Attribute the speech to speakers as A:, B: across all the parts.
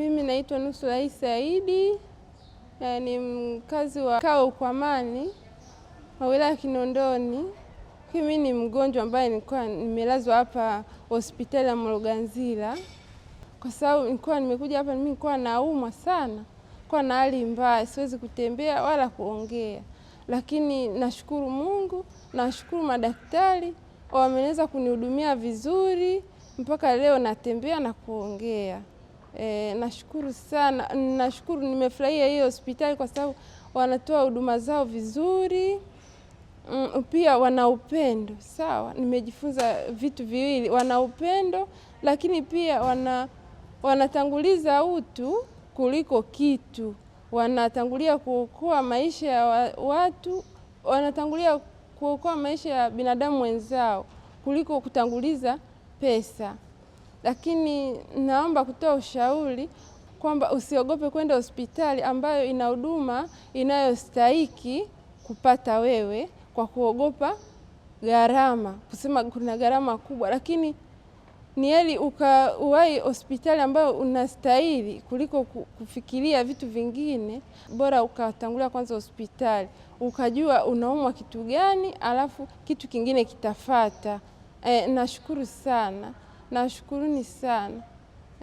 A: Mimi naitwa Nusurai Saidi, eh, ni mkazi wa Kao Ukwamani wa wilaya Kinondoni. Mimi ni mgonjwa ambaye nilikuwa nimelazwa hapa hospitali ya Mloganzila kwa sababu nilikuwa nimekuja hapa, mimi nilikuwa naumwa sana, kwa na hali mbaya, siwezi kutembea wala kuongea, lakini nashukuru Mungu, nashukuru madaktari wameweza kunihudumia vizuri mpaka leo natembea na kuongea. E, nashukuru sana, nashukuru nimefurahia hiyo hospitali kwa sababu wanatoa huduma zao vizuri mm, pia wana upendo sawa. Nimejifunza vitu viwili, wana upendo lakini pia wana wanatanguliza utu kuliko kitu, wanatangulia kuokoa maisha ya watu, wanatangulia kuokoa maisha ya binadamu wenzao kuliko kutanguliza pesa lakini naomba kutoa ushauri kwamba usiogope kwenda hospitali ambayo ina huduma inayostahiki kupata wewe, kwa kuogopa gharama, kusema kuna gharama kubwa, lakini ni heri ukawahi hospitali ambayo unastahili kuliko kufikiria vitu vingine. Bora ukatangulia kwanza hospitali, ukajua unaumwa kitu gani, alafu kitu kingine kitafata. E, nashukuru sana. Nashukuruni sana.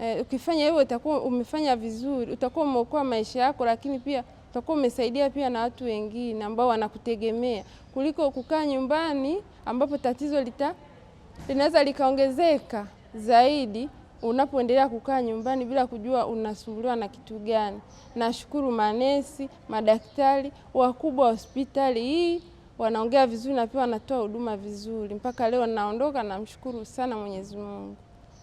A: E, ukifanya hivyo utakuwa umefanya vizuri, utakuwa umeokoa maisha yako, lakini pia utakuwa umesaidia pia na watu wengine ambao wanakutegemea kuliko kukaa nyumbani ambapo tatizo lita linaweza likaongezeka zaidi unapoendelea kukaa nyumbani bila kujua unasumbuliwa na kitu gani. Nashukuru manesi, madaktari, wakubwa wa hospitali hii wanaongea vizuri na pia wanatoa huduma vizuri. Mpaka leo naondoka, namshukuru sana Mwenyezi Mungu.